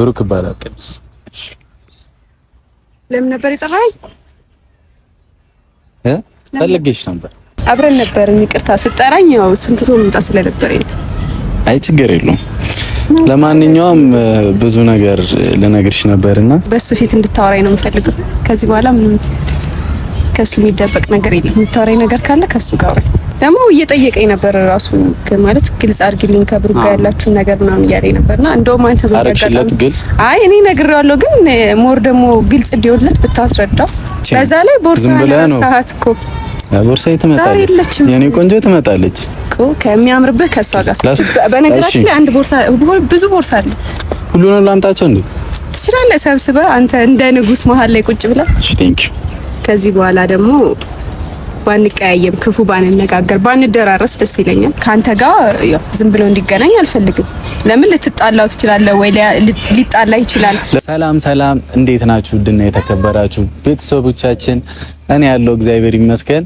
ብሩክ ይባላል። ለምን ነበር የጠራኸኝ? እ ፈልጌሽ ነበር አብረን ነበር። ይቅርታ ስጠራኝ ያው እሱን ትቶ መምጣት ስለነበረኝ አይ ችግር የለውም። ለማንኛውም ብዙ ነገር ልነግርሽ ነበርና በሱ ፊት እንድታወራኝ ነው የምፈልገው። ከዚህ በኋላ ምንም ከሱ የሚደበቅ ነገር የለም። የምታወራኝ ነገር ካለ ከሱ ጋር ደግሞ እየጠየቀኝ ነበር ራሱ ማለት ግልጽ አድርግልኝ ከብሩ ጋር ያላችሁን ነገር ምናምን እያለኝ ነበር። ነበርና እንደውም አንተ አይ እኔ ነግሬዋለሁ፣ ግን ሞር ደግሞ ግልጽ እንዲሆንለት ብታስረዳው። በዛ ላይ ቦርሳ እኮ ቦርሳ ትመጣለች፣ የኔ ቆንጆ ትመጣለች እኮ ከሚያምርብህ ከእሷ ጋር። በነገራችን ላይ አንድ ቦርሳ ብዙ ቦርሳ አለ። ሁሉንም ላምጣቸው እንዴ? ትችላለህ ሰብስበህ አንተ እንደ ንጉስ መሀል ላይ ቁጭ ብላ። ከዚህ በኋላ ደግሞ ባንቀያየም፣ ክፉ ባንነጋገር፣ ባንደራረስ ደስ ይለኛል። ከአንተ ጋር ዝም ብሎ እንዲገናኝ አልፈልግም። ለምን ልትጣላው ትችላለህ ወይ ሊጣላ ይችላል። ሰላም ሰላም፣ እንዴት ናችሁ? ድና የተከበራችሁ ቤተሰቦቻችን፣ እኔ ያለው እግዚአብሔር ይመስገን።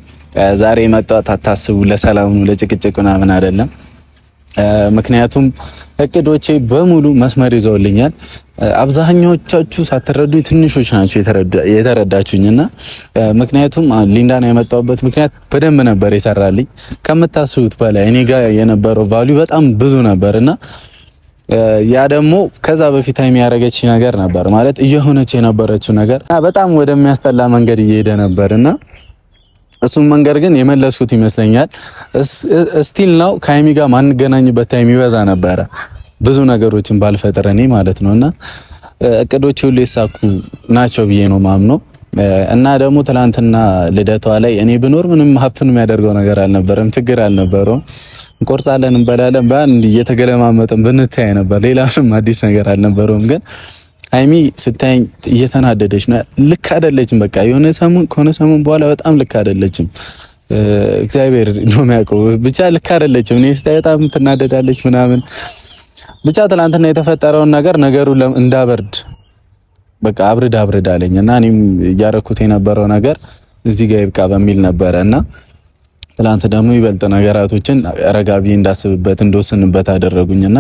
ዛሬ መጣት አታስቡ፣ ለሰላም ለጭቅጭቅ ምናምን አይደለም። ምክንያቱም እቅዶቼ በሙሉ መስመር ይዘውልኛል። አብዛኛዎቻችሁ ሳትረዱኝ ትንሾች ናቸው የተረዳችሁኝ እና ምክንያቱም ሊንዳን የመጣሁበት ምክንያት በደንብ ነበር የሰራልኝ ከምታስቡት በላይ እኔ ጋር የነበረው ቫሊዩ በጣም ብዙ ነበር እና ያ ደግሞ ከዛ በፊት የሚያደረገች ነገር ነበር ማለት እየሆነች የነበረችው ነገር በጣም ወደሚያስጠላ መንገድ እየሄደ ነበር እና እሱም መንገድ ግን የመለስኩት ይመስለኛል። ስቲል ነው ከሀይሚ ጋር ማንገናኝበት ታይም ይበዛ ነበረ ብዙ ነገሮችን ባልፈጠረ እኔ ማለት ነው እና እቅዶች ሁሉ የሳኩ ናቸው ብዬ ነው ማምነው። እና ደግሞ ትላንትና ልደቷ ላይ እኔ ብኖር ምንም ሀፕን የሚያደርገው ነገር አልነበረም፣ ችግር አልነበረውም። እንቆርጣለን፣ እንበላለን፣ በአንድ እየተገለማመጥን ብንታይ ነበር። ሌላ ምንም አዲስ ነገር አልነበረውም ግን ሀይሚ ስታይኝ እየተናደደች ነው። ልክ አይደለችም። በቃ የሆነ ሰሞን ከሆነ ሰሞን በኋላ በጣም ልክ አይደለችም። እግዚአብሔር ነው የሚያውቀው። ብቻ ልክ አይደለችም። እኔ ስታይ በጣም ትናደዳለች ምናምን። ብቻ ትናንትና የተፈጠረውን ነገር ነገሩ እንዳበርድ በቃ አብርድ አብርድ አለኝ እና እኔም እያረኩት የነበረው ነገር እዚህ ጋር ይብቃ በሚል ነበረ እና ትናንት ደግሞ ይበልጥ ነገራቶችን ረጋቢ እንዳስብበት እንደወስንበት አደረጉኝና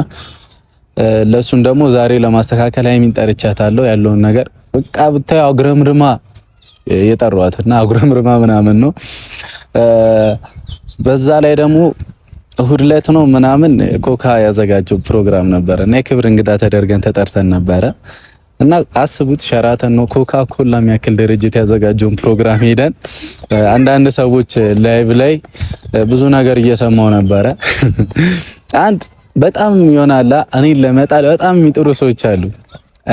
ለሱን ደግሞ ዛሬ ለማስተካከል ሀይሚን ጠርቻታለሁ። ያለውን ነገር በቃ ብታይ አጉረምርማ የጠሯት እና አጉረምርማ ምናምን ነው። በዛ ላይ ደግሞ እሁድ ዕለት ነው ምናምን ኮካ ያዘጋጀው ፕሮግራም ነበረ እና የክብር እንግዳ ተደርገን ተጠርተን ነበረ እና አስቡት ሸራተን ነው ኮካ ኮላ የሚያክል ድርጅት ያዘጋጀውን ፕሮግራም ሄደን አንዳንድ ሰዎች ላይቭ ላይ ብዙ ነገር እየሰማው ነበረ። አንድ በጣም ይሆናላ እኔን ለመጣል በጣም የሚጥሩ ሰዎች አሉ።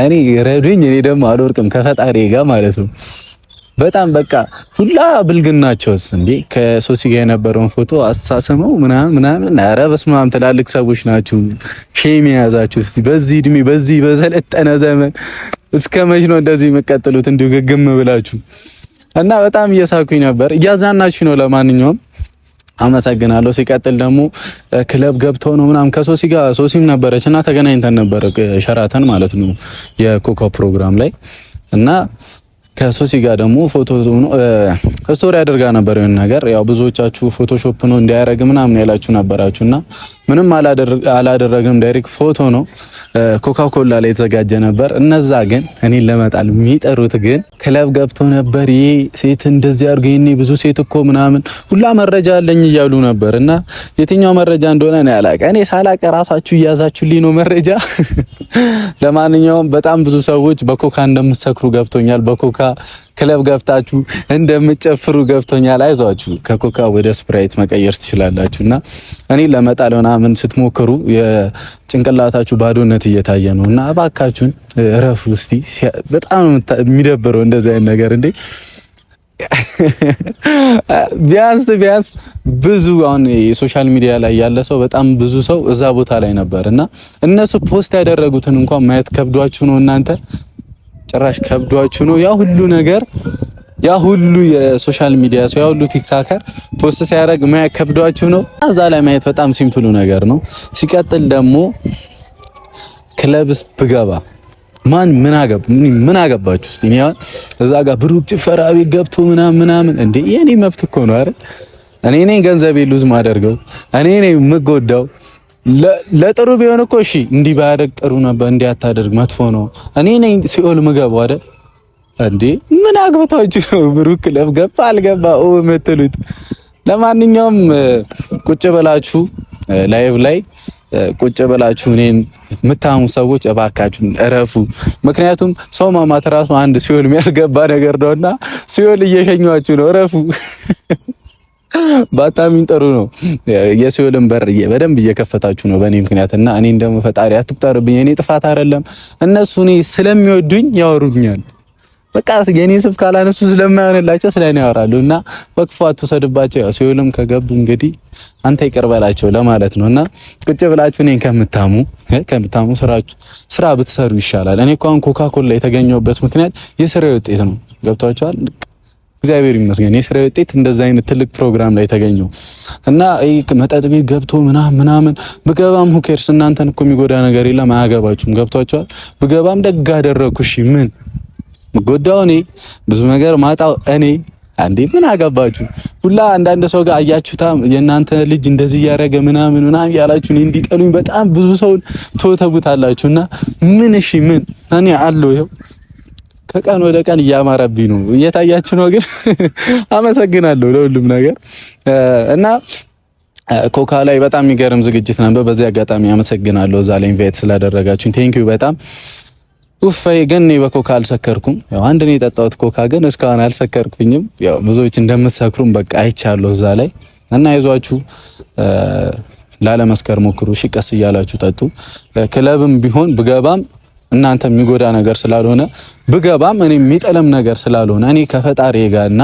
እኔ ረዱኝ፣ እኔ ደግሞ አልወርቅም ከፈጣሪ ጋር ማለት ነው። በጣም በቃ ሁላ ብልግናቸውስ እንዴ! ከሶሲ ጋር የነበረውን ፎቶ አሳሰመው ምናምን ምናምን። ኧረ በስመ አብ ትላልቅ ሰዎች ናችሁ፣ ሼም የያዛችሁ እስቲ በዚህ እድሜ በዚህ በሰለጠነ ዘመን እስከ መች ነው እንደዚህ የምትቀጥሉት? እንዲሁ ግግም ብላችሁ እና በጣም እየሳኩኝ ነበር። እያዝናናችሁ ነው ለማንኛውም አመሰግናለሁ። ሲቀጥል ደግሞ ክለብ ገብተው ነው ምናምን ከሶሲ ጋር ሶሲም ነበረች እና ተገናኝተን ነበር ሸራተን ማለት ነው የኮከብ ፕሮግራም ላይ እና ከሶሲ ጋር ደግሞ ፎቶ ስቶሪ አድርጋ ነበር የሆነ ነገር ያው ብዙዎቻችሁ ፎቶሾፕ ነው እንዲያደርግ ምናምን ያላችሁ ነበራችሁና ምንም አላደረግም ዳይሬክት ፎቶ ነው። ኮካኮላ ላይ የተዘጋጀ ነበር። እነዛ ግን እኔን ለመጣል የሚጠሩት ግን ክለብ ገብቶ ነበር። ይሄ ሴት እንደዚህ አድርጎ ብዙ ሴት እኮ ምናምን ሁላ መረጃ አለኝ እያሉ ነበር። እና የትኛው መረጃ እንደሆነ እኔ አላውቅም። እኔ ሳላውቅ ራሳችሁ እያዛችሁልኝ ነው መረጃ። ለማንኛውም በጣም ብዙ ሰዎች በኮካ እንደምትሰክሩ ገብቶኛል። በኮካ ክለብ ገብታችሁ እንደምጨፍሩ ገብቶኛል። አይዟችሁ ከኮካ ወደ ስፕራይት መቀየር ትችላላችሁና እኔ ለመጣል ምናምን ስትሞክሩ የጭንቅላታችሁ ባዶነት እየታየ ነው። እና እባካችሁን እረፉ እስቲ። በጣም የሚደብረው እንደዚህ አይነት ነገር እንዴ! ቢያንስ ቢያንስ ብዙ አሁን የሶሻል ሚዲያ ላይ ያለ ሰው በጣም ብዙ ሰው እዛ ቦታ ላይ ነበር እና እነሱ ፖስት ያደረጉትን እንኳን ማየት ከብዷችሁ ነው እናንተ ጭራሽ ከብዷችሁ ነው ያ ሁሉ ነገር ያ ሁሉ የሶሻል ሚዲያ ሰው ያ ሁሉ ቲክታከር ፖስት ሲያደርግ ማየት ከብዷችሁ ነው። እዛ ላይ ማየት በጣም ሲምፕሉ ነገር ነው። ሲቀጥል ደግሞ ክለብስ ብገባ ማን ምን አገብ ምን አገባችሁ? እስቲ እኔ እዛ ጋር ብሩክ ጭፈራ ቤት ገብቶ ምናምን ምናምን እንዴ የኔ መብት እኮ ነው አይደል? እኔ ነኝ ገንዘቤ ሉዝ ማደርገው እኔ ነኝ የምጎዳው ለጥሩ ቢሆን እኮ እሺ፣ እንዲህ ባያደርግ ጥሩ ነበር። እንዲህ አታደርግ፣ መጥፎ ነው። እኔ ነኝ ሲኦል ምገብ አይደል እንዴ? ምን አግብታችሁ ነው ብሩክ ለብ ገባ አልገባ ኦ የምትሉት? ለማንኛውም ቁጭ በላችሁ ላይቭ ላይ ቁጭ በላችሁ እኔን የምታሙ ሰዎች እባካችሁ እረፉ። ምክንያቱም ሰው ማማት ራሱ አንድ ሲኦል የሚያስገባ ነገር ነውና ሲኦል እየሸኟችሁ ነው፣ እረፉ። ባታሚን ጥሩ ነው። የሲኦልን በር በደንብ እየከፈታችሁ ነው በእኔ ምክንያት እና እኔ ደግሞ ፈጣሪ አትቁጠርብኝ። እኔ ጥፋት አይደለም። እነሱ እኔ ስለሚወዱኝ ያወሩኛል። በቃ የኔ ስብ ካላነሱ ስለማይሆንላቸው ስለኔ ያወራሉ እና በክፉ አትውሰድባቸው። ያው ሲኦልም ከገቡ እንግዲህ አንተ ይቅር በላቸው ለማለት ነው እና ቁጭ ብላችሁ እኔን ከምታሙ ከምታሙ ስራችሁ ስራ ብትሰሩ ይሻላል። እኔ እንኳን ኮካኮላ የተገኘሁበት ምክንያት የስራዬ ውጤት ነው። ገብቷቸዋል እግዚአብሔር ይመስገን የስራ ውጤት እንደዛ አይነት ትልቅ ፕሮግራም ላይ ተገኘው እና መጠጥ ቤት ገብቶ ምናምን ምናምን ብገባም ሁኬርስ እናንተን እኮ የሚጎዳ ነገር የለም፣ አያገባችሁም። ገብቷችኋል። ብገባም ደግ አደረግኩ። እሺ ምን ጎዳው? እኔ ብዙ ነገር ማጣው እኔ አንዴ ምን አገባችሁ ሁላ አንዳንድ ሰው ጋር አያችሁታ። የእናንተ ልጅ እንደዚህ እያደረገ ምናምን ምናምን ያላችሁ እንዲጠሉኝ በጣም ብዙ ሰው ትወተቡታላችሁ እና ምን እሺ ምን እኔ አለው ይኸው ከቀን ወደ ቀን እያማረብኝ ነው፣ እየታያችሁ ነው። ግን አመሰግናለሁ ለሁሉም ነገር እና ኮካ ላይ በጣም የሚገርም ዝግጅት ነበር። በዚህ አጋጣሚ አመሰግናለሁ እዛ ላይ ኢንቫይት ስላደረጋችሁኝ ዩ በጣም ኡፍ ግን እኔ በኮካ አልሰከርኩም። ያው አንድ ነው የጠጣሁት ኮካ ግን እስካሁን አልሰከርኩኝም። ያው ብዙዎች እንደምትሰክሩም በቃ አይቻለሁ እዛ ላይ እና ይዟችሁ ላለመስከር ሞክሩ። እሺ ቀስ እያላችሁ ጠጡ። ክለብም ቢሆን ብገባም እናንተ የሚጎዳ ነገር ስላልሆነ ብገባም እኔ የሚጠለም ነገር ስላልሆነ እኔ ከፈጣሪ ጋርና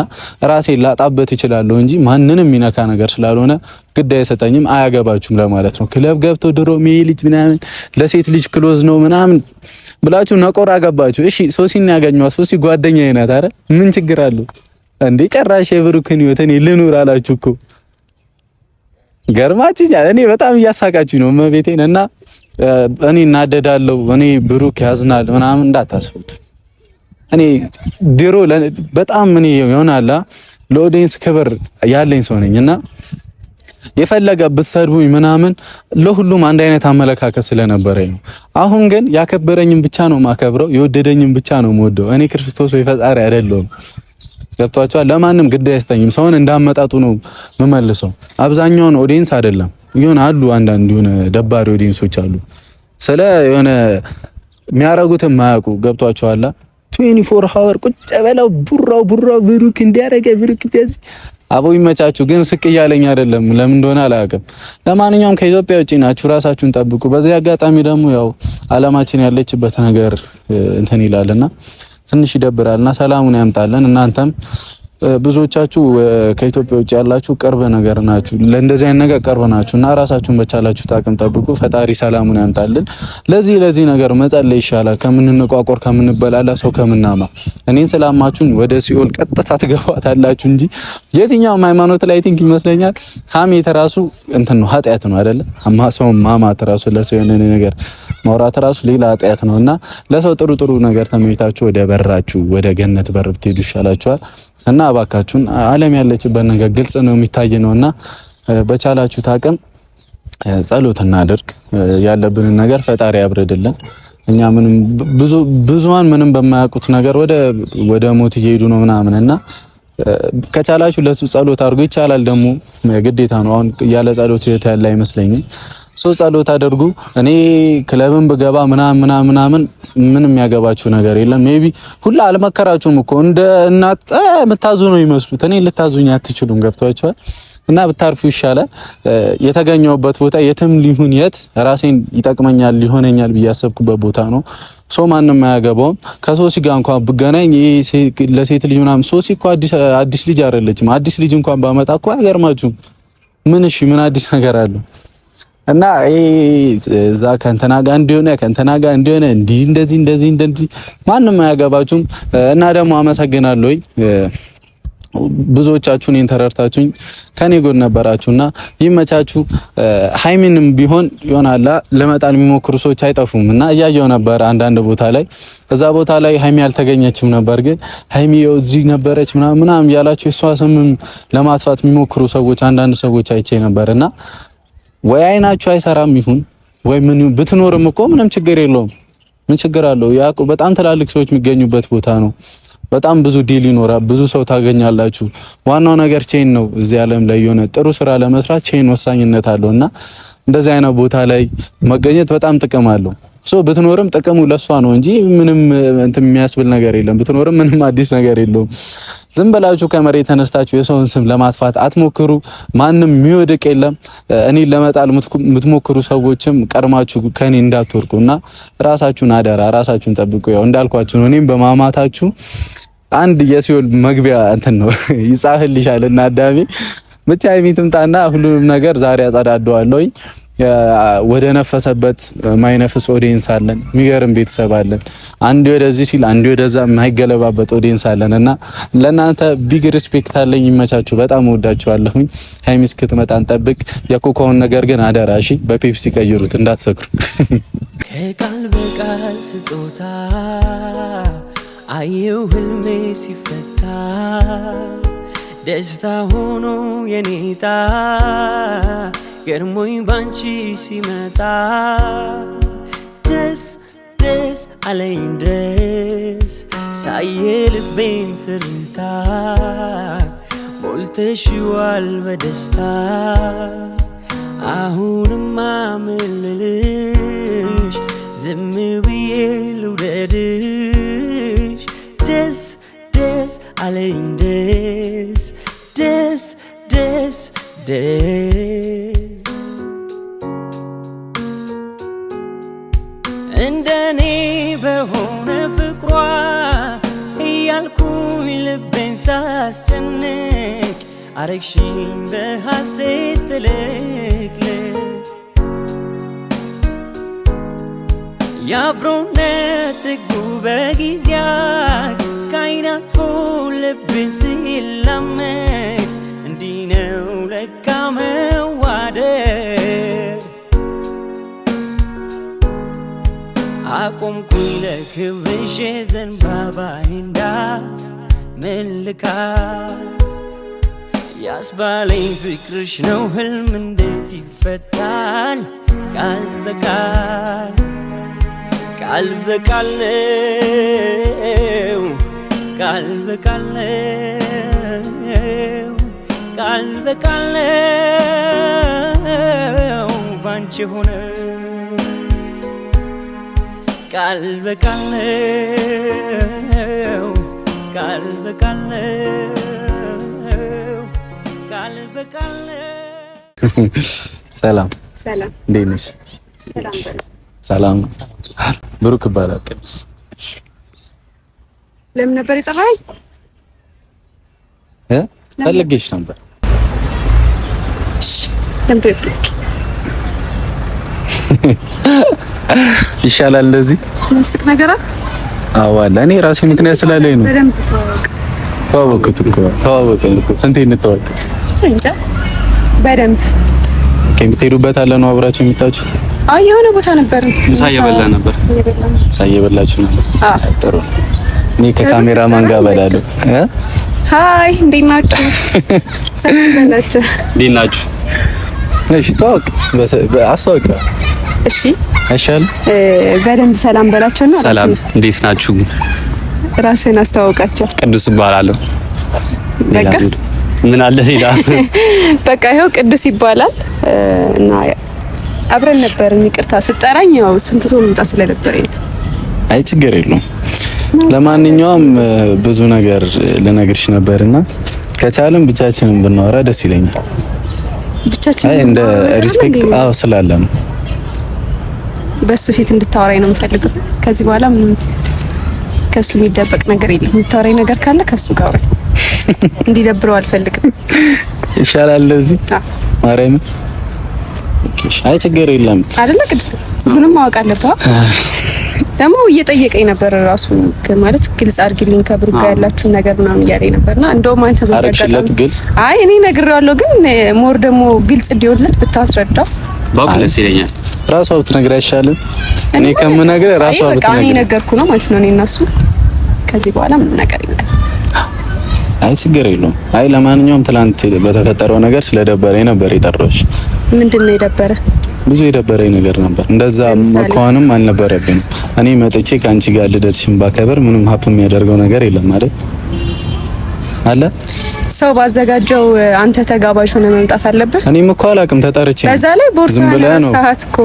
ራሴን ላጣበት ይችላለሁ እንጂ ማንንም የሚነካ ነገር ስላልሆነ ግድ አይሰጠኝም፣ አያገባችሁም ለማለት ነው። ክለብ ገብቶ ድሮ ሜ ልጅ ምናምን ለሴት ልጅ ክሎዝ ነው ምናምን ብላችሁ ነቆር አገባችሁ። እሺ ሶሲን ያገኘኋት ሶሲ ጓደኛ ናት። አረ ምን ችግር አለው እንዴ? ጨራሽ የብሩክን ህይወት ልኑር አላችሁ እኮ ገርማችኛል። እኔ በጣም እያሳቃችሁ ነው መቤቴን እና እኔ እናደዳለሁ፣ እኔ ብሩክ ያዝናል ምናምን እንዳታስቡት። እኔ ድሮ በጣም እኔ ይሆናላ ለኦዲየንስ ክብር ያለኝ ሰው ነኝ እና የፈለገ ብትሰድቡኝ ምናምን ለሁሉም አንድ አይነት አመለካከት ስለነበረኝ ነው። አሁን ግን ያከበረኝም ብቻ ነው ማከብረው፣ የወደደኝም ብቻ ነው የምወደው። እኔ ክርስቶስ ወይ ፈጣሪ አይደለሁም። ገብቷቸዋል። ለማንም ግድ አይሰጠኝም። ሰውን እንዳመጣጡ ነው የምመልሰው። አብዛኛውን ኦዲየንስ አይደለም ይሆን አሉ አንዳንድ የሆነ ደባሪ ኦዲየንሶች አሉ። ስለ የሆነ የሚያረጉትን ማያውቁ ገብቷቸዋል። 24 ሃወር ቁጭ በለው ቡራው ቡራው ብሩክ እንዲያረገ ብሩክ እንደዚህ አቦ ይመቻችሁ። ግን ስቅ እያለኝ አይደለም፣ ለምን እንደሆነ አላውቅም። ለማንኛውም ከኢትዮጵያ ውጪ ናችሁ፣ ራሳችሁን ጠብቁ። በዚህ አጋጣሚ ደግሞ ያው አለማችን ያለችበት ነገር እንትን ይላልና ትንሽ ይደብራል እና ሰላሙን ያምጣለን እናንተም ብዙዎቻችሁ ከኢትዮጵያ ውጭ ያላችሁ ቅርብ ነገር ናችሁ፣ ለእንደዚህ አይነት ነገር ቅርብ ናችሁ እና ራሳችሁን በቻላችሁ ታቅም ጠብቁ። ፈጣሪ ሰላሙን ያምጣልን። ለዚህ ለዚህ ነገር መጸለይ ይሻላል ከምንነቋቆር፣ ከምንበላላ፣ ሰው ከምናማ። እኔን ስላማችሁን ወደ ሲኦል ቀጥታ ትገባታላችሁ እንጂ የትኛውም ሃይማኖት ላይ ቲንክ ይመስለኛል ሀሜት ራሱ እንትን ነው ኃጢአት ነው አይደለ? አማ ሰው ማማት ራሱ ለሰው የሆነ ነገር ማውራት ራሱ ሌላ ኃጢአት ነው እና ለሰው ጥሩ ጥሩ ነገር ተመኝታችሁ ወደ በራችሁ ወደ ገነት በር ብትሄዱ ይሻላችኋል። እና እባካችሁን ዓለም ያለችበት ነገር ግልጽ ነው የሚታይ ነውና በቻላችሁት አቅም ጸሎት እናድርግ። ያለብንን ነገር ፈጣሪ ያብረድልን። እኛ ምንም ብዙ ብዙዋን ምንም በማያውቁት ነገር ወደ ወደ ሞት እየሄዱ ነው ምናምን እና ከቻላችሁ ለሱ ጸሎት አድርጉ። ይቻላል ደግሞ ግዴታ ነው። አሁን ያለ ጸሎት ያለ አይመስለኝም። ሰው ጸሎት አድርጉ። እኔ ክለብን ብገባ ምናምን ምናምን ምናምን ምን የሚያገባችሁ ነገር የለም። ሜቢ ሁላ አልመከራችሁም እኮ እንደ እናት የምታዙ ነው ይመስሉት። እኔ ልታዙኝ አትችሉም። ገብቷችኋል። እና ብታርፉ ይሻላል። የተገኘውበት ቦታ የትም ሊሁን የት ራሴን ይጠቅመኛል ሊሆነኛል ብዬ ያሰብኩበት ቦታ ነው። ሶ ማንም አያገባውም። ከሶሲ ጋር እንኳን ብገናኝ ለሴት ልጅ ምናምን ሶሲ እኮ አዲስ ልጅ አይደለችም። አዲስ ልጅ እንኳን ባመጣ እኮ አይገርማችሁም? ምን እሺ፣ ምን አዲስ ነገር አለው? እና እዛ ከእንትና ጋር እንዲሆነ ከእንትና ጋር እንዲሆነ እንዲህ እንደዚህ እንደዚህ እንደዚህ ማንም አያገባችሁም። እና ደግሞ አመሰግናለሁኝ ብዙዎቻችሁን ተረድታችሁኝ ከኔ ጎን ነበራችሁና ይመቻችሁ። ሀይሚንም ቢሆን ይሆናላ ለመጣን የሚሞክሩ ሰዎች አይጠፉም እና እያየው ነበር አንዳንድ ቦታ ላይ እዛ ቦታ ላይ ሀይሚ አልተገኘችም ነበር፣ ግን ሀይሚ እዚህ ነበረች ምናምን ያላችሁ እያላችሁ የሷ ስምም ለማጥፋት የሚሞክሩ ሰዎች አንዳንድ ሰዎች አይቼ ነበር እና ወይ አይናችሁ አይሰራም ይሁን ወይ ምን ብትኖርም እኮ ምንም ችግር የለውም። ምን ችግር አለው? ያቁ በጣም ትላልቅ ሰዎች የሚገኙበት ቦታ ነው። በጣም ብዙ ዲል ይኖራል። ብዙ ሰው ታገኛላችሁ። ዋናው ነገር ቼን ነው። እዚህ ዓለም ላይ የሆነ ጥሩ ስራ ለመስራት ቼን ወሳኝነት አለው እና እንደዚህ አይነት ቦታ ላይ መገኘት በጣም ጥቅም አለው። ብትኖርም ጥቅሙ ለሷ ነው እንጂ ምንም እንትን የሚያስብል ነገር የለም። ብትኖርም ምንም አዲስ ነገር የለውም። ዝም ብላችሁ ከመሬት ተነስታችሁ የሰውን ስም ለማጥፋት አትሞክሩ። ማንም የሚወድቅ የለም። እኔን ለመጣል የምትሞክሩ ሰዎችም ቀድማችሁ ከኔ እንዳትወርቁ እና ራሳችሁን አደራ፣ ራሳችሁን ጠብቁ። ያው እንዳልኳችሁ ነው። እኔም በማማታችሁ አንድ የሲኦል መግቢያ እንትን ነው ይጻፍልሻል እና አዳሜ ብቻ የሚትምጣና ሁሉንም ነገር ዛሬ አጸዳደዋለሁኝ። ወደ ነፈሰበት ማይነፍስ ኦዲየንስ አለን። የሚገርም ቤተሰብ አለን። አንድ ወደዚህ ሲል አንድ ወደዛ የማይገለባበት ኦዲየንስ አለን እና ለእናንተ ቢግ ሪስፔክት አለኝ። ይመቻችሁ። በጣም ወዳችኋለሁኝ። ሀይሚ እስክትመጣ እንጠብቅ። የኮካውን ነገር ግን አደራ እሺ፣ በፔፕሲ ቀይሩት እንዳትሰክሩ። ከቃል በቃል ስጦታ አየው ህልሜ ሲፈታ ደስታ ሆኖ የኔታ ገርሞኝ ባንቺ ሲመጣ ደስ ደስ አለኝ ደስ ሳየ ልቤን ትርታ ሞልተሽዋል በደስታ አሁንማ ምልልሽ ዝም ብዬ ልውደድሽ ደስ ደስ አለኝ ደስ ደስ ደስ ደስ ታሪክሽን በሐሴት ትልቅልቅ የአብሮነት ጥጉ በጊዜያት ከዓይን አልፎ ሲላመድ እንዲህ ነው ለካ መዋደድ። አቆምኩኝ ለክብርሽ ዘንባባ እንዳስ ምን ያስባለኝ ፍቅርሽ ነው ህልም እንዴት ይፈታል? ቃል በቃል ቃል በቃል ነው ቃል በቃል ነው ቃል በቃል ነው ባንቺ ሆነ ቃል በቃል ነው ቃል በቃል ነው ሰላም ሰላም፣ እንዴት ነሽ? ሰላም ብሩክ እባላለሁ። ለምን ነበር የጠራኸኝ? እ ፈልጌሽ ነበር። ይሻላል እንደዚህ ምስክ ነገር አዎ፣ አለ እኔ ራሴ ምክንያት ስላለኝ ነው። ተዋወቅኩት እኮ ተዋወቅን እኮ ስንቴ እንተዋወቅ እንጃ በደንብ የምትሄዱበት አለ ነው አብራችሁ የምታችሁት? አይ የሆነ ቦታ ነበር። ምሳ እየበላ ነበር። ምሳ እየበላችሁ ነበር? አዎ ጥሩ። እኔ ከካሜራ ማን ጋር እበላለሁ። እንዴት ናችሁ? እንዴት ናችሁ? እሺ ታውቅ አስታውቅ እሺ አይሻል በደንብ ሰላም በላቸው ነው። ሰላም እንዴት ናችሁ? ራስህን አስተዋውቃቸው። ቅዱስ እባላለሁ። በቃ ምን አለ ሌላ? በቃ ይኸው ቅዱስ ይባላል እና አብረን ነበርን። ይቅርታ ስጠራኝ ያው እሱን ትቶ መምጣት ስለነበረኝ አይ ችግር የለውም። ለማንኛውም ብዙ ነገር ልነግርሽ ነበርና ከቻለም ብቻችንን ብናወራ ደስ ይለኛል። ብቻችን አይ እንደ ሪስፔክት አዎ ስላለ ነው። በሱ ፊት እንድታወራኝ ነው የምፈልገው። ከዚህ በኋላ ምንም ከሱ የሚደበቅ ነገር የለም። የምታወራኝ ነገር ካለ ከሱ ጋር አውራኝ። እንዲደብረው አልፈልግም። ይሻላል ለዚህ ማርያም። አይ ችግር የለም አይደለ ቅዱስ፣ ምንም ማወቅ አለብህ። ደግሞ እየጠየቀኝ ነበር ራሱ ማለት ግልጽ አድርግልኝ ከብሩ ጋር ያላችሁን ነገር ምናምን እያለኝ ነበርና እንደውም አንተ አረግሽለት ግልጽ? አይ እኔ ነግሬዋለሁ፣ ግን ሞር ደግሞ ግልጽ እንዲሆንለት ብታስረዳው ባክ ደስ ይለኛል። ራሷ ብትነግረህ አይሻልም? እኔ ከምነግርህ ራሷ ብትነግረህ። እኔ ነገርኩ ነው ማለት ነው። እኔ እና እሱ ከዚህ በኋላ ምንም ነገር የለም። አይ ችግር የለውም። አይ ለማንኛውም ትላንት በተፈጠረው ነገር ስለደበረኝ ነበር የጠራሁሽ። ምንድን ነው የደበረ? ብዙ የደበረኝ ነገር ነበር። እንደዛ መኳንም አልነበረብኝም። እኔ መጥቼ ከአንቺ ጋር ልደትሽን ባከብር ምንም ሀፕ የሚያደርገው ነገር የለም አይደል? አለ ሰው ባዘጋጀው አንተ ተጋባዥ ሆነ መምጣት አለብህ። እኔም እኮ አላውቅም ተጠርቼ። በዛ ላይ ቦርሳ ነው ሰዓት እኮ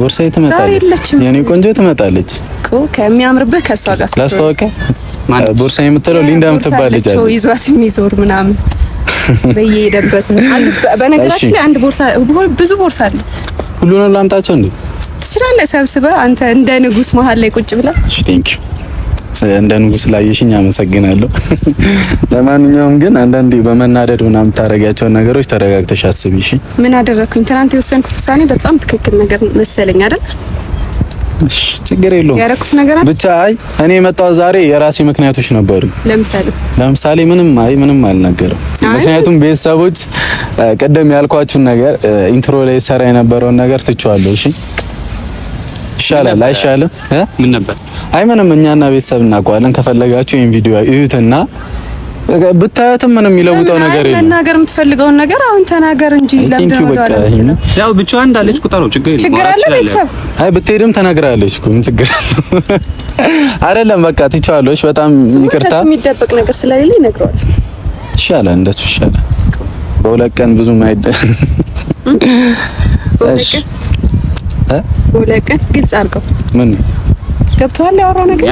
ቦርሳ ትመጣለች፣ የኔ ቆንጆ ትመጣለች እኮ ከሚያምርብህ ከእሷ ጋር ላስተዋወቅህ ቦርሳ የምትለው ሊንዳ የምትባል ልጅ አለ ይዟት የሚዞር ምናምን በየሄደበት በነገራችን ላይ አንድ ቦርሳ ብዙ ቦርሳ አለ። ሁሉንም ላምጣቸው እንዴ? ትችላለህ ሰብስበ አንተ እንደ ንጉስ መሀል ላይ ቁጭ ብላ። እሺ ቴንክ ዩ እንደ ንጉስ ላየሽኝ አመሰግናለሁ። ለማንኛውም ግን አንዳንዴ በመናደድ ምናምን የምታደርጊያቸውን ነገሮች ተረጋግተሽ አስቢ። እሺ ምን አደረግኩኝ? ትናንት የወሰንኩት ውሳኔ በጣም ትክክል ነገር መሰለኝ አይደል? ችግር የለውም። ያረኩት ነገር ብቻ አይ እኔ የመጣው ዛሬ የራሴ ምክንያቶች ነበሩ። ለምሳሌ ለምሳሌ ምንም አይ ምንም አልነገርም። ምክንያቱም ቤተሰቦች ቅድም ያልኳችሁን ነገር ኢንትሮ ላይ ሰራ የነበረውን ነገር ትቼዋለሁ። እሺ ይሻላል አይሻልም? ምን ነበር? አይ ምንም እኛና ቤተሰብ እናውቀዋለን። ከፈለጋችሁ ይሄን ቪዲዮ እዩትና ብታያትም ምንም የሚለውጠው ነገር የለም። መናገር የምትፈልገውን ነገር አሁን ተናገር እንጂ ለምደው ያው ብቻ እንዳለች ቁጠረው፣ ችግር የለም። ችግር አለ ቤተሰብ። አይ ብትሄድም ተናግራለች እኮ ምን ችግር አለ? አይደለም በቃ ትቻለሽ። በጣም ይቅርታ። የሚደበቅ ነገር ስለሌለ ይነግረዋል። ይሻላል፣ እንደሱ ይሻላል። በሁለት ቀን ብዙ ማይደ እሺ እ በሁለት ቀን ግልጽ አድርገው ምን ገብተዋል ያወራው ነገር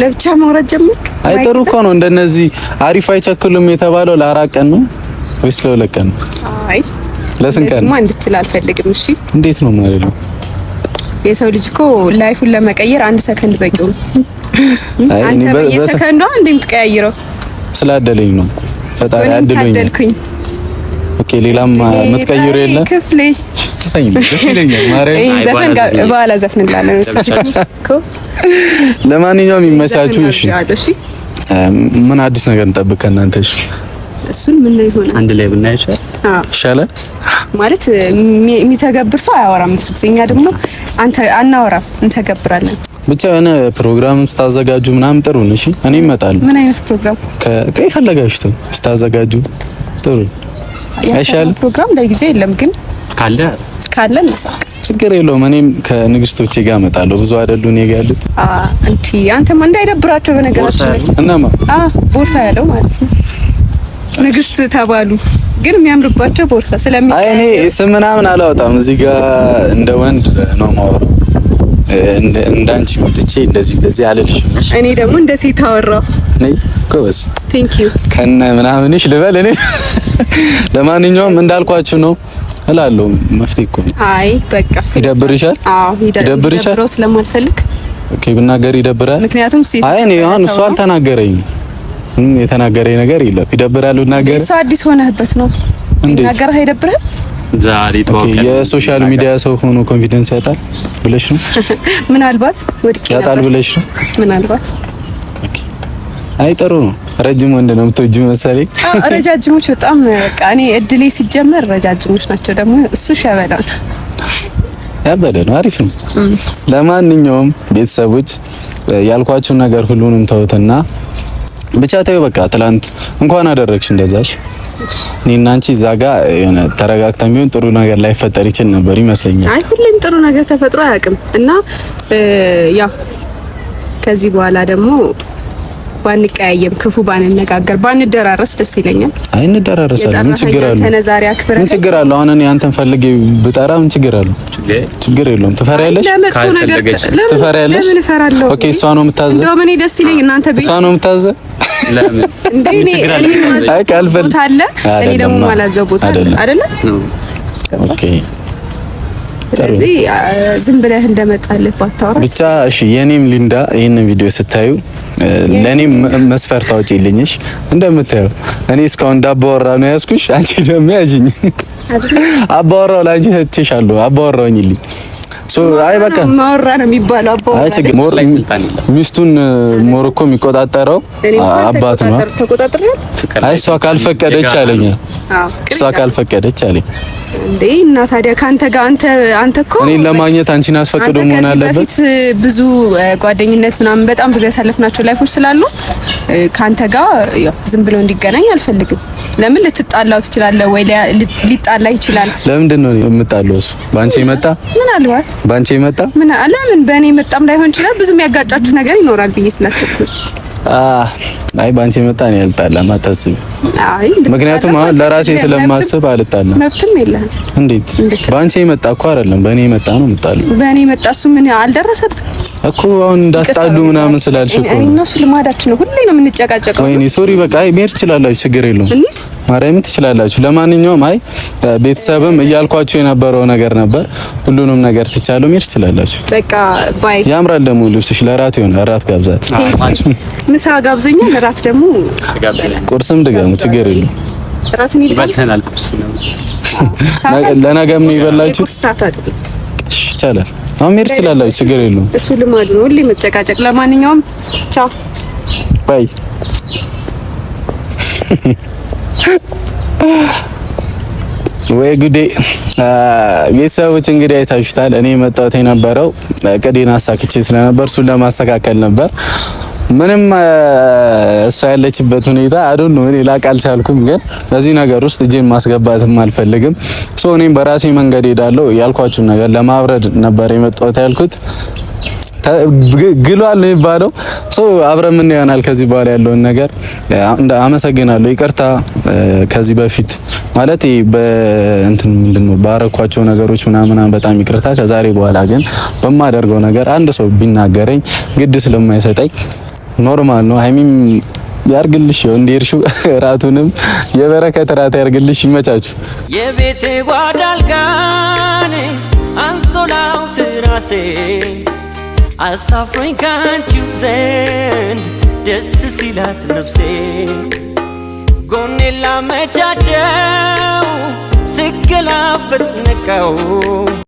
ለብቻ ማውራት ጀምር። አይጠሩ እኮ ነው እንደነዚህ አሪፍ አይቸክሉም የተባለው ለአራት ቀን ነው ወይስ ለሁለት ቀን ነው? አይ ለስንት ቀን ነው እንድትል አልፈልግም። እሺ እንዴት ነው ማለት ነው? የሰው ልጅ እኮ ላይፉን ለመቀየር አንድ ሰከንድ በቂው ነው። አንተ በየሰከንዷ እንዴ የምትቀያይረው? ስላደለኝ ነው ፈጣሪ አድሎኝ። ኦኬ ሌላም የምትቀይሩ የለ ክፍሌ ዘፈን ጋር በኋላ ዘፍንላለን እኮ ለማንኛውም ይመቻችሁ። እሺ ምን አዲስ ነገር እንጠብቅ ከእናንተ? እሺ እሱን ምን ላይ ሆነ አንድ ላይ ብናይ ይሻላል። ማለት የሚተገብር ሰው አያወራም። እሱ ጊዜ እኛ ደግሞ አንተ አናወራም እንተገብራለን። ብቻ የሆነ ፕሮግራም ስታዘጋጁ ምናምን ነው። እሺ እኔ እመጣለሁ። ምን አይነት ፕሮግራም ከቀይ ፈለጋችሁት ስታዘጋጁ ጥሩ አይሻልም? ፕሮግራም ለጊዜ የለም ግን ካለ ካለ እንሳቅ ችግር የለውም። እኔም ከንግስቶቼ ጋር እመጣለሁ። ብዙ አይደሉ እኔ ጋር ያሉት። አንቲ አንተማ እንዳይደብራቸው በነገራችን ላይ እናማ አ ቦርሳ ያለው ማለት ነው። ንግስት ተባሉ ግን የሚያምርባቸው ቦርሳ ስለሚ አይ እኔ ስም ምናምን አላወጣም። እዚህ ጋር እንደ ወንድ ነው የማወራው። እንዳንቺ ወጥቼ እንደዚህ እንደዚህ አልልሽም። እኔ ደግሞ እንደ ሴት አወራው። ነይ ጎበዝ። ቴንክ ዩ ከነ ምናምንሽ ልበል እኔ ለማንኛውም እንዳልኳችሁ ነው እላለሁ። መፍትሄ እኮ ነው። አይ በቃ ይደብርሻል። አዎ ይደብርሻል። ስለማልፈልግ ኦኬ፣ ብናገር ይደብራል። ምክንያቱም አይ እኔ አሁን እሱ አልተናገረኝም፣ የተናገረኝ ነገር የለም። ይደብራል ብናገር። እሱ አዲስ ሆነህበት ነው አይደብርም። የሶሻል ሚዲያ ሰው ሆኖ ኮንፊደንስ ያጣል ብለሽ ነው? ምናልባት ወድቄ ያጣል ብለሽ ነው? ምናልባት አይ ጥሩ ነው። ረጅም ወንድ ነው የምትወጂው መሰለኝ። አዎ ረጃጅሞች በጣም በቃ እኔ እድሌ ሲጀመር ረጃጅሞች ናቸው። ደግሞ እሱ ሸበላ ያበደ ነው። አሪፍ ነው። ለማንኛውም ቤተሰቦች ያልኳችሁን ነገር ሁሉንም ተውትና ብቻ ተይው በቃ። ትላንት እንኳን አደረግሽ እንደዛሽ እኔ እና አንቺ እዛ ጋር የሆነ ተረጋግተን ቢሆን ጥሩ ነገር ላይ ፈጠር ይችል ነበር ይመስለኛል። አይ ሁሌም ጥሩ ነገር ተፈጥሮ አያውቅም እና ያው ከዚህ በኋላ ደግሞ ባንቀያየም፣ ክፉ ባንነጋገር፣ ባንደራረስ ደስ ይለኛል። አይ እንደራረሳለን። ምን ችግር አለው? ምን ችግር አለው? አሁን እኔ አንተን ፈልጌ ብጠራ ምን ችግር አለው? ችግር የለውም። ትፈሪያለሽ? ትፈሪያለሽ? ኦኬ፣ እሷ ነው የምታዘ እኔ ደስ ይለኝ እናንተ ቤት እሷ ነው የምታዘ ለምን እንዴ? እኔ አይ ካልፈል ታለ እኔ ደግሞ ማላዘቦት አይደለ? ኦኬ ስለዚህ ዝም ብለህ እንደመጣልህ ባታወራ ብቻ እሺ። የኔም ሊንዳ ይህንን ቪዲዮ ስታዩ ለእኔም መስፈርት አውጪልኝሽ። እንደምታየው እኔ እስካሁን እንዳባወራ ነው ያዝኩሽ፣ አንቺ ደግሞ ያዥኝ። አባወራው ለአንቺ ሰጥቼሻለሁ። አባወራውኝልኝ አይ በቃ ማወራ ነው የሚባለው። አይ ችግር ሞር ሚስቱን ሞር እኮ የሚቆጣጠረው አባት ነው። አይ እሷ ካልፈቀደች አለኝ። እሷ ካልፈቀደች አለኝ እንዴ እና ታዲያ ከአንተ ጋር አንተ አንተ እኮ እኔን ለማግኘት አንቺን አስፈቅዶ መሆን አለበት። ብዙ ጓደኝነት ምናምን በጣም ብዙ ያሳለፍናቸው ላይፎች ስላሉ ካንተ ጋር ዝም ብሎ እንዲገናኝ አልፈልግም። ለምን ልትጣላው ትችላለህ ወይ ሊጣላ ይችላል። ለምንድን ነው የምጣለው? እሱ በአንቺ ይመጣ ምናልባት ባንቺ የመጣ ምን ምን በእኔ የመጣም ላይሆን ይችላል። ብዙ የሚያጋጫችሁ ነገር ይኖራል ብዬ ስላሰብኩ አይ ባንቺ የመጣ ነው ያልጣላም፣ አታስቢ። አይ ምክንያቱም አሁን ለራሴ ስለማስብ አልጣላም። መብትም የለህም። እንዴት ባንቺ የመጣ እኮ አይደለም በእኔ የመጣ ነው የምጣለው። በእኔ የመጣ እሱ ምን አልደረሰብህ እኮ አሁን እንዳትጣሉ ምናምን ስላልሽ እኮ እነሱ ልማዳችን ነው፣ ሁሌ ነው የምንጨቃጨቀው። ወይኔ ሶሪ፣ በቃ አይ መሄድ ትችላላችሁ፣ ችግር የለውም። ማርያምን ትችላላችሁ። ለማንኛውም አይ ቤተሰብም እያልኳቸው የነበረው ነገር ነበር። ሁሉንም ነገር ትቻለው፣ መሄድ ትችላላችሁ። በቃ ባይ። ያምራል ደግሞ ልብስሽ፣ ለራት ይሆን እራት ጋብዛት። ምሳ ጋብዘኛል፣ እራት ደግሞ ቁርስም ድጋሙ፣ ችግር የለውም። እራትን ይበልተናል፣ ቁርስ ነው ለነገም ነው ይበላችሁ። ይቻላል አሜር ስላላችሁ ችግር የለውም። እሱ ልማድ ነው ሁሌ መጨቃጨቅ። ለማንኛውም ቻው ባይ። ወይ ጉዴ ቤተሰቦች እንግዲህ አይታችሁታል። እኔ መጣሁት የነበረው ቅዴን አሳክቼ ስለነበር እሱን ለማስተካከል ነበር። ምንም እሷ ያለችበት ሁኔታ አዶን ነው። እኔ ላቅ አልቻልኩም፣ ግን በዚህ ነገር ውስጥ እጄን ማስገባትም አልፈልግም። ሶ እኔም በራሴ መንገድ ሄዳለሁ። ያልኳችሁን ነገር ለማብረድ ነበር የመጣሁት ያልኩት ግሏል ነው የሚባለው። ሶ አብረ ምን ይሆናል ከዚህ በኋላ ያለውን ነገር። አመሰግናለሁ። ይቅርታ ከዚህ በፊት ማለት በእንትን ምንድነው ባረኳቸው ነገሮች ምናምን በጣም ይቅርታ። ከዛሬ በኋላ ግን በማደርገው ነገር አንድ ሰው ቢናገረኝ ግድ ስለማይሰጠኝ ኖርማል ነው። ሀይሚም ያርግልሽ ነው እንደ እርሹ ራቱንም የበረከት ራት ያርግልሽ። ይመቻችሁ። የቤቴ ጓዳ አልጋኔ አንሶላው ትራሴ አሳፍሮኝ ካንቺው ዘንድ ደስ ሲላት ነፍሴ ጎኔ ላመቻቸው ስገላበት ነቀው